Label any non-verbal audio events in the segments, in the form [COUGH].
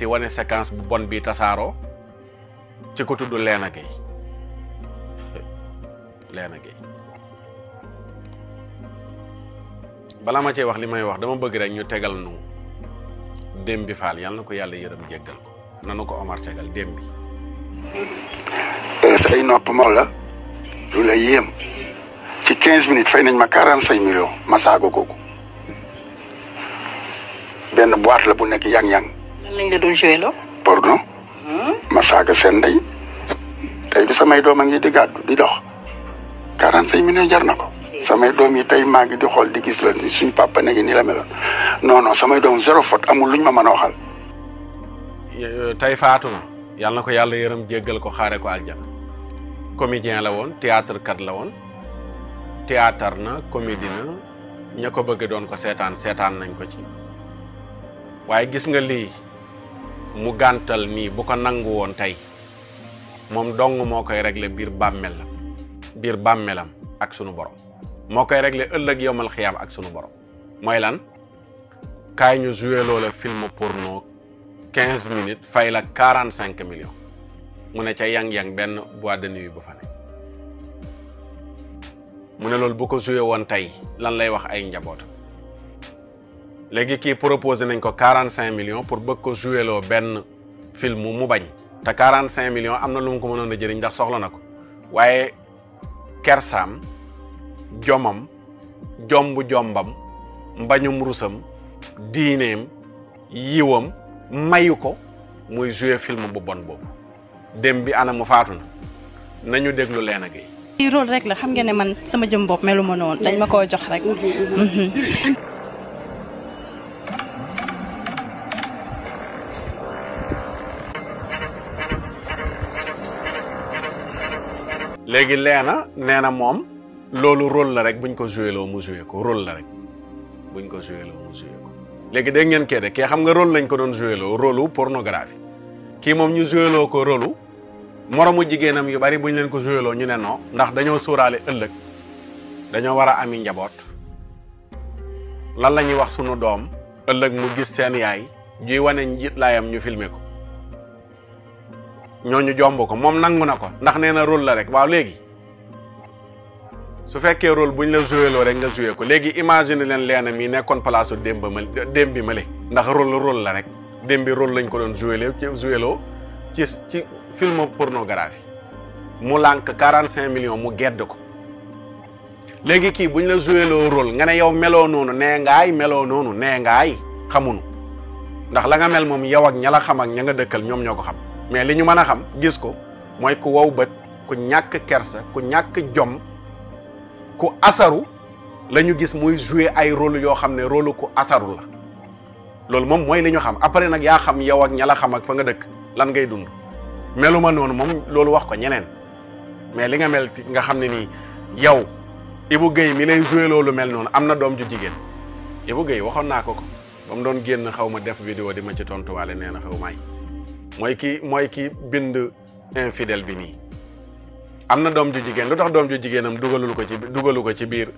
société wane séquence bu bon bi tasaaroo ci ko tuddu Lena gay Lena [LAUGHS] Gay bala ma ci wax limay wax dama bëgg rek ñu tegal nu dém bi faal yàlla na ko yàlla jéggal ko nanu ko Omar tégal dém bi eh, say nopp mo la lu la yem ci 15 minutes fay nañ ma 45 millions ma gogo ben boîte la bu nek yang-yang lañ la doon joué lo pardon hmm? ma saaga seen ndey tey bi samay doom ngi di gàddu di dox quarante cinq millions jar na ko samay doom yi tey maa di xool di gis leen suñ papa ne ngi ni la meloon non non samay doom zéro faute amul luñ ma mën a waxal ya, tey faatuma yàlla na ko yàlla yërëm ko xaare ko aljana comédien la woon théâtre kat la woon théâtre na comédie na ña ko bëgg doon ko seetaan seetaan nañ ko ci waaye gis nga lii mu gàntal nii bu ko nangu woon tey moom dong moo koy régler biir bàmmeel biir bàmmeelam ak sunu borom moo koy régler ëllëg yowmal xiyaam ak sunu borom mooy lan kaay ñu joué loola film porno quinze minutes fay la quarante cinq millions mu ne ca yang-yang benn boîte de nuit bu fa ne mu ne loolu bu ko joué woon tey lan lay wax ay njaboot léegi kii proposé nañ ko quarante cinq millions pour bëgg ko joueloo benn film mu bañ te quarante cinq millions am na lu mu ko mënoon a jëriñ ndax soxla na ko waaye kersaam jomam jombu jombam mbañum rusam diineem yiwam mayu ko muy jouer film bu bon boobu dem bi ana mu faatu na nañu déglu leen ak yi. rôle rek la xam ngeen man sama jëm bopp melu ma noonu dañ ma koo jox rek. Mhm. Mm-hmm. léegi leena nee na moom loolu rôle la rek buñ ko joué mu joué ko rôle la rek buñ ko joué mu joué léegi de ngeen kee de kee xam nga rôle lañ ko doon joué loo rôlu pornographie kii moom ñu joué loo ko rôlu moromu jigéenam yu bari buñ leen ko joué ñu ne non ndax dañoo suuraale ëllëg dañoo war a ami njaboot lan lañuy wax sunu doom ëllëg mu gis seen yaay juy wane njiit laayam ñu filmer ko ñoo ñu jomb ko moom nangu na ko ndax nee na rôle la rek waaw léegi su fekkee bu ñu la joué loo rek nga joué ko léegi imagine leen leena mii nekkoon place démb ma démb bi male ndax rôle rol la rek démb bi rôle lañ ko doon joué ci joué loo ci ci film pornographie mu lànk quarante cinq millions mu gedd ko léegi kii buñ la joué loo rôle nga ne yow meloo noonu nee ngaay meloo noonu nee ngaay xamunu ndax la nga mel moom yow ak ña la xam ak ña nga dëkkal ñoom ñoo ko xam mais li ñu mën a xam gis ko mooy ku wow bët ku ñàkk kersa ku ñàkk jom ku asaru la ñu gis muy jouer ay rôle yoo xam ne rôle ku asaru la loolu moom mooy li ñu xam après nag yaa xam yow ak ña la xam ak fa nga dëkk lan ngay dund meluma noonu moom loolu wax ko ñeneen mais li nga mel nga xam ne nii yow Ibou Guèye mi lay jouer loolu mel noonu am na doom ju jigéen Ibou Guèye waxoon naa ko ko ba mu doon génn xaw ma def vidéo di ma ci tontuwaale nee na xaw maay mooy ki mooy ki bind infidèle bi nii am na doom ju jigéen lu tax doom ju jigéenam dugalul ko ci dugalu ko ci biir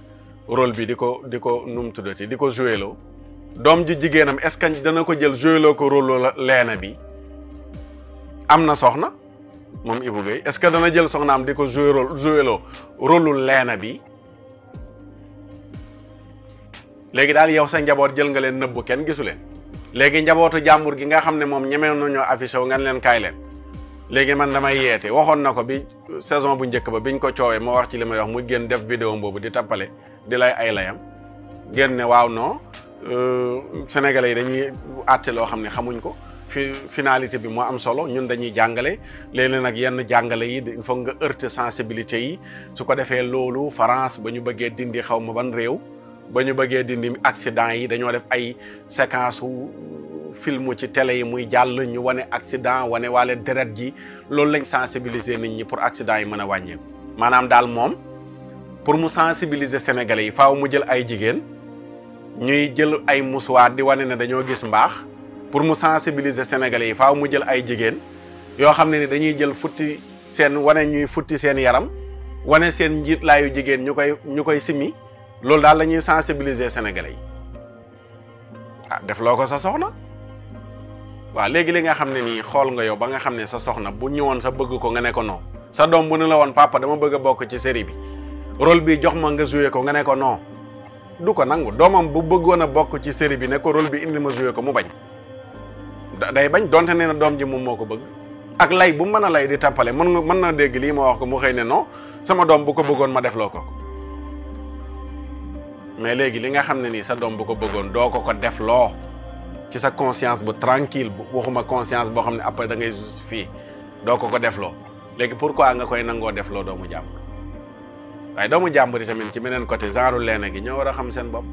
role bi di ko di ko nu mu tuddati di ko jouéloo doom ju jigéenam est-ce que dana ko jël jouéloo ko rôle leena bi am na soxna moom Ibou Guèye est-ce que dana jël soxna am di ko jouéloo jouéloo rôle leena bi léegi daal yow sa njaboot jël nga leen nëbbu kenn gisu leen léegi njabootu jàmbur gi nga xam ne moom ñemee nañoo affiché wu ngeen leen kaay leen léegi man damay yeete waxoon na ko bi saison bu njëkk ba biñ ko coowee moo wax ci li may wax muy génn def vidéo boobu di tappale di lay ay layam génn ne waaw non euh, sénégalais yi dañuy àtte loo xam ne xamuñ ko fi finalité bi moo am solo ñun dañuy jàngale léeg nag yenn jàngale yi il faut nga heurter sensibilité yi su ko defee loolu France ba ñu bëggee dindi xaw ma ban réew ba ñu bëggee dindi accident yi dañoo def ay séquence film ci tele yi muy jàll ñu wane accident wane waale deret ji loolu lañ sensibiliser nit ñi pour accident yi mën a wàññeeku maanaam daal moom pour mu sensibiliser sénégalais yi faaw mu jël ay jigéen ñuy jël ay musuwaat di wane ne dañoo gis mbaax pour mu sensibiliser sénégalais yi faaw mu jël ay jigéen yoo xam ne ni dañuy jël futti seen wane ñuy futti seen yaram wane seen njiitlaayu jigéen ñu koy ñu koy simmi loolu daal la ñuy sensibiliser sénégalais yi ah, def loo ko sa soxna waaw léegi li nga xam ne nii xool nga yow ba nga xam ne sa soxna bu ñëwoon sa bëgg ko nga ne ko non sa doom bu ne la woon papa dama bëgg bokk ci série bi rôle bi jox ma nga joué ko nga ne ko du ko nangu doomam bu bëggoon a bokk ci série bi ne ko bi indi ma joué ko mu bañ day bañ donte ne doom ji moom moo ko bëgg ak lay bu mën a lay di tàppale mën nga mën na dégg lii ma wax ko mu xëy ne non sama doom bu ko bëggoon ma def loo ko. mais légui li nga xamné ni sa dom bu ko bëggoon do ko ko def lo ci sa conscience bu tranquille bu waxuma conscience bo xamné après da ngay fi do ko ko def lo légui pourquoi nga koy nango def loo doomu jàmbur waaye doomu jamm ri tamen ci menen côté genre léne gi ñoo wara xam seen bop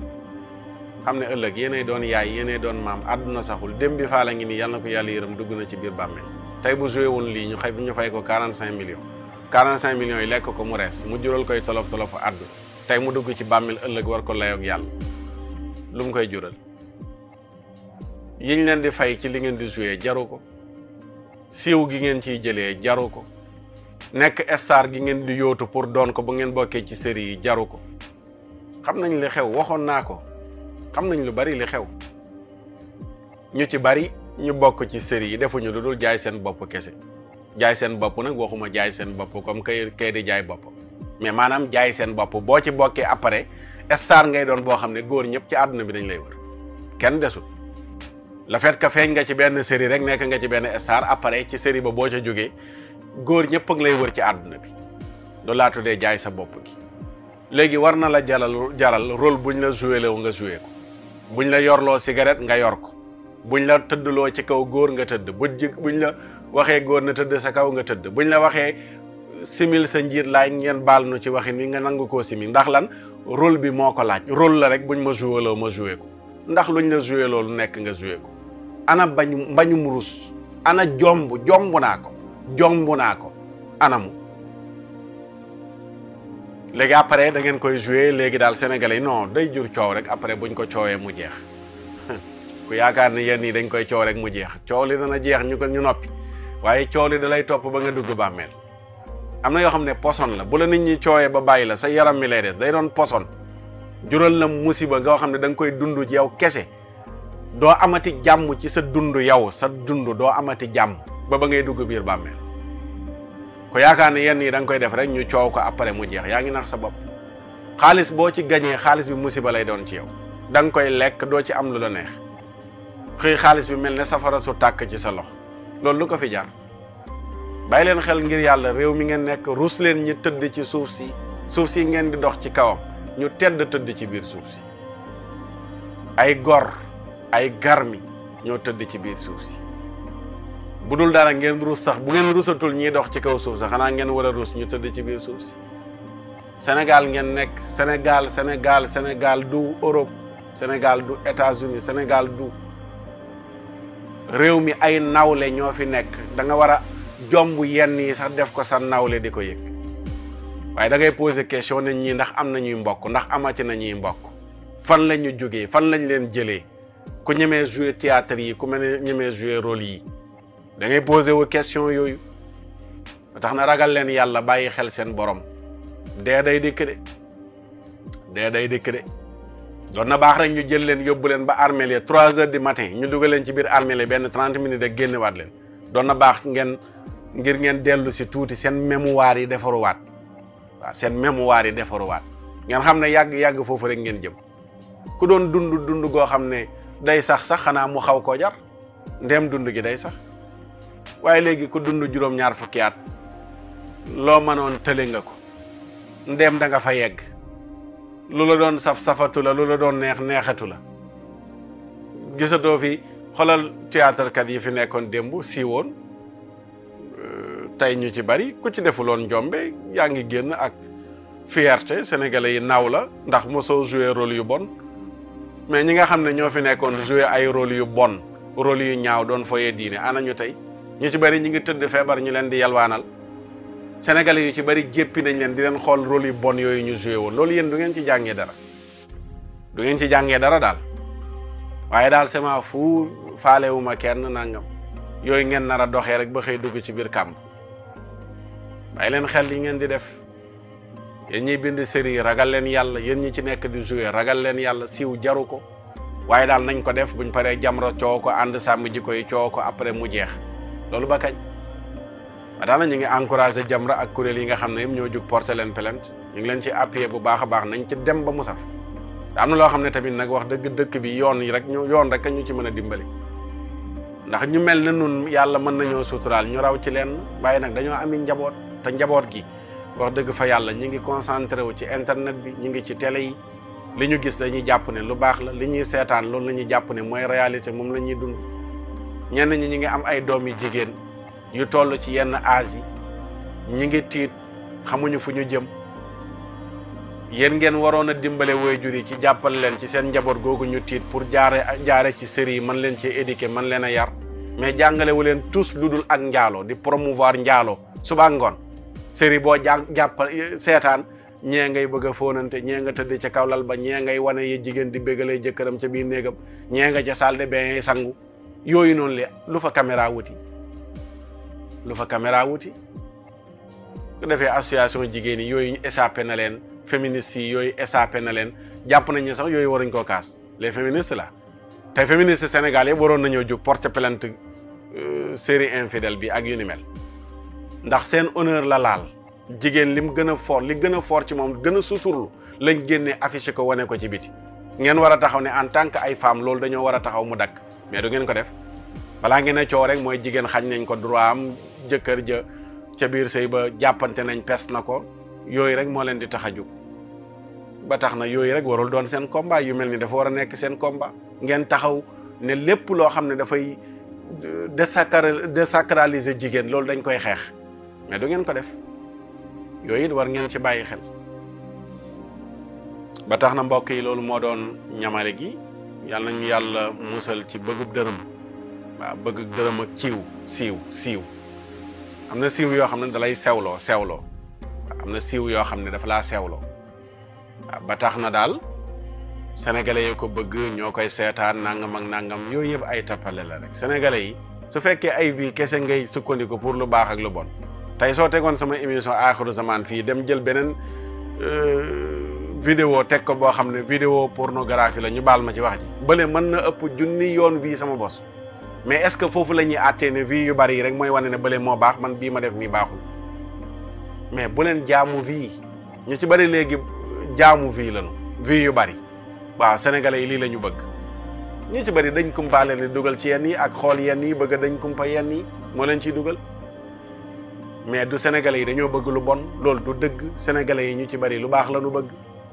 xamné ëlëk yene doon yaay yene doon mam aduna saxul dem bi la ngi ni yalla na ko yàlla yërëm dugg na ci bir bàmmeel tay bu joué won li ñu xëy ñu fay ko 45 millions 45 millions yi lekk ko mu res mu jural koy tolof tolof àdduna tey mu dugg ci bàmmil ëllëg war ko layoog yàlla lu mu koy jural yiñ leen di fay ci li ngeen di joué jaru ko siiw gi ngeen ci jëlee jaru ko nekk star gi ngeen di yootu pour doon ko ba ngeen bokkee ci série yi jaru ko xam nañ li xew waxoon naa ko xam nañ lu bari li xew ñu ci bari ñu bokk ci série yi defuñu lu dul jaay seen bopp kese jaay seen bopp nag waxuma jaay seen bopp comme kay kay di jaay bopp mais maanaam jaay seen bopp boo ci bokkee après star ngay doon boo xam ne góor ñëpp ci àdduna bi dañ lay wër kenn desul le fait que feeñ nga ci benn série rek nekk nga ci benn star après ci série ba boo ca jógee góor ñëpp a lay wër ci àdduna bi loolu laa tuddee jaay sa bopp gi léegi war na la jaral jaral rôle buñ la joué lewu nga joué ko bu ñu la yorloo cigarette nga yor ko buñ la tëddloo ci kaw góor nga tëdd bu bu ñu la waxee góor na tëdd sa kaw nga tëdd buñ la waxee simil sa njir laaj ngeen baal nu ci waxin wi nga nang ko simi ndax lan rôle bi moko laaj rôle la rek buñ ma jouer lo ma jouer ko ndax luñ la joué loolu nek nga jouer ko ana bañu bañu murus ana jombu jombu naa ko jomb ko anamu léegi après da ngeen koy jouer léegi dal sénégalais non day jur ciow rek après buñ ko ciowé mu jeex [LAUGHS] ku yaakaar ni yeen ni dañ koy ciow rek mu jeex ciow li dana jeex ñu ko ñu noppi waye ciow li dalay top ba nga dugg am na yoo xam ne poson la bu la nit ñi cooyee ba bàyyi la sa yaram mi lay des day doon poson jural la musiba nga xam ne da nga koy dund ci yow kese doo amati jàmm ci sa dund yow sa dund doo amati jàmm ba ba ngay dugg biir bàmmeel ko yaakaar ne yenn yi da nga koy def rek ñu coow ko après mu jeex yaa ngi nax sa bopp xaalis boo ci gañee xaalis bi musiba lay doon ci yow da nga koy lekk doo ci am lu la neex xëy xaalis bi mel ne safara su tàkk ci sa lox loolu lu ko fi jaar bàyyi leen xel ngir yàlla réew mi ngeen nekk ruus leen ñi tëdd ci suuf si suuf si ngeen di dox ci kawam ñu tedd tëdd ci biir suuf si ay gor ay garmi ñoo tëdd ci biir suuf si bu dul dara ngeen ruus sax bu ngeen ruusatul ñiy dox ci kaw suuf sax xanaa ngeen war a ruus ñu tëdd ci biir suuf si senegal ngeen nekk Sénégal Sénégal senegal du Europe senegal du États-Unis senegal du réew mi ay nawle ñoo fi nekk da nga jomb yenn yi sax def ko sa nawle di ko yëg waaye da ngay poser question ne ñii ndax am nañuy mbokk ndax amati na ñuy mbokk fan la ñu jógee fan lañ leen jëlee ku ñemee jouer théâtre yi ku mel ne ñemee jouer rôle yi da ngay poser wu question yooyu tax na ragal leen yàlla bàyyi xel seen borom dee day dikk de day dikk de doon na baax rek ñu jël leen yóbbu leen ba armeel ya trois heures du matin ñu dugal leen ci biir armeel benn trente minutes ak génnewaat leen doon na baax ngeen ngir ngeen dellu ci tuuti seen mémoire yi defaruwaat waaw seen mémoire yi defaruwaat ngeen xam ne yàgg-yàgg foofu rek ngeen jëm ku doon dundu dund goo xam ne day sax sax xanaa mu xaw ko jar ndem dund gi day sax waaye léegi ku dund juróom-ñaar fukki at loo mënoon tële nga ko ndem da nga fa yegg lu la doon saf safatu la lu la doon neex neexatu la gisatoo fi xolal théâtre kat yi fi nekkoon démb siwon tey ñu ci bari ku ci defuloon njombe yaa ngi génn ak fierté sénégalais yi naaw la ndax mosoo joué rôle yu bon mais ñi nga xam ne ñoo fi nekkoon joué ay rôle yu bon rôle yu ñaaw doon foyee diine ana ñu tey ñu ci bari ñu ngi tëdd feebar ñu leen di yalwaanal sénégalais yu ci bari jéppi nañ leen di leen xool rôle yu bon yooyu ñu joué woon loolu yéen du ngeen ci jàngee dara du ngeen ci jàngee dara daal waaye daal sama fu faalewuma kenn nangam yooyu ngeen nar a doxee rek ba xëy dugg ci biir kàmb bàyyi leen xel yi ngeen di def yéen ñi bind seri ragal leen yàlla yéen ñi ci nekk di jouer ragal leen yàlla siiw jaru ko waaye daal nañ ko def buñ paree jamra coow ko ànd sàmm ji koy coow ko après mu jeex loolu ba kañ ba daana ñu ngi encouragé jamra ak kuréel yi nga xam ne yëpp ñoo jug porté leen plainte ñu ngi leen ci appuyer bu baax a baax nañ ci dem ba musaf saf am na loo xam ne tamit nag wax dëgg dëkk bi yoon yi rek ñu yoon rek ñu ci mën a dimbali ndax ñu mel ne nun yàlla mën nañoo suturaal ñu raw ci leen waaye nag dañoo ami njaboot te njaboot gi wax dëgg fa yàlla ñi ngi concentré wu ci internet bi ñi ngi ci télé yi li ñu gis dañuy jàpp ne lu baax la li ñuy seetaan loolu la ñuy jàpp ne mooy réalité moom la ñuy dund ñenn ñi ñi ngi am ay doom yu jigéen yu toll ci yenn âge yi ñi ngi tiit xamuñu fu ñu jëm yéen ngeen waroon a dimbale waajur yi ci jàppale leen ci seen njaboot googu ñu tiit pour jaare jaare ci série yi mën leen ci éduquer mën leen a yar mais jàngalewu leen tous lu dul ak njaalo di promouvoir njaalo suba ngoon série boo jàng jàppal seetaan ñee ngay bëgg a fóonante ñee nga tëdd ca kaw ba ñee ngay wane ye jigéen di bégalee jëkkëram ca biir néegam ñee nga ca salle de bain sangu yooyu noonu le lu fa caméra wuti lu fa caméra wuti bu defee association jigéen yooyu échappé na leen féministes yi yooyu échappé na leen jàpp nañ ne sax yooyu waruñ koo kaas les féministes la te féministes Sénégal yëpp waroon nañoo jóg porte plainte euh, série infidèle bi ak yu ni mel ndax seen honneur la laal jigéen lim gën a fort li gën a fort ci moom gën a suturlu lañ génne affiché ko wane ko ci biti ngeen war a taxaw ne en tant que ay femme loolu dañoo war a taxaw mu dakk mais du ngeen ko def balaa ngeen a coow rek mooy jigéen xañ nañ ko droit am jëkkër ja ca biir sëy ba jàppante nañ pes na ko yooyu rek moo leen di tax a jug ba tax na yooyu rek warul doon seen combat yu mel ni dafa war a nekk seen komba ngeen taxaw ne lépp loo xam ne dafay euh, désacraliser jigéen loolu dañ koy xeex mais du ngeen ko def yooyu it war ngeen ci bàyyi xel ba tax na mbokk yi loolu moo doon ñamale gi yàlla nañu yàlla musal ci bëggub dërëm waaw bëgg dërëm ak kiiw siiw siiw am na siiw yoo xam ne dalay sewloo sewloo am na siiw yoo xam ne dafa laa sewloo waaw ba tax na daal sénégalais yi ko bëgg ñoo koy seetaan nangam ak nangam yooyu yëpp ay tappale la rek sénégalais yi su fekkee ay vie kese ngay sukkandiku pour lu baax ak lu bon tey soo tegoon sama émission aaxiru zaman fii dem jël beneen euh, video teg ko boo xam ne vidéo pornographie la ñu baal ma ci wax ji bële mën na ëpp junni yoon wii sama bos mais est-ce que foofu la ñuy àttee ne vie yu bari yi rek mooy wane ne bële moo baax man bii ma def nii baaxul mais bu leen jaamu vie ñu ci bari léegi jaamu vie lañu vie yu bari waaw sénégalais yi lii la ñu bëgg ñu ci bari dañ kumpaale ne dugal ci yenn yi ak xool yenn yi bëgg dañ kumpa yenn yi moo leen ciy dugal mais du sénégalais yi dañoo bëgg lu bon loolu du dëgg sénégalais yi ñu ci bari lu baax la nu bëgg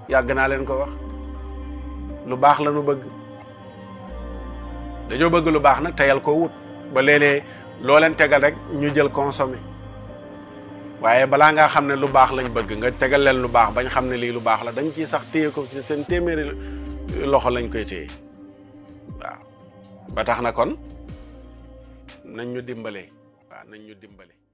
yàgg naa leen ko wax lu baax la nu bëgg dañoo bëgg lu baax nag teyal koo wut ba léeg-léeg loo leen tegal rek ñu jël consommer waaye balaa ngaa xam ne lu baax lañ bëgg nga tegal leen lu baax bañ xam ne lii lu baax la dañ ciy sax téye ko ci seen téeméeri loxo lañ koy téye waaw ba tax na kon nañ ñu dimbale waaw nañ ñu dimbale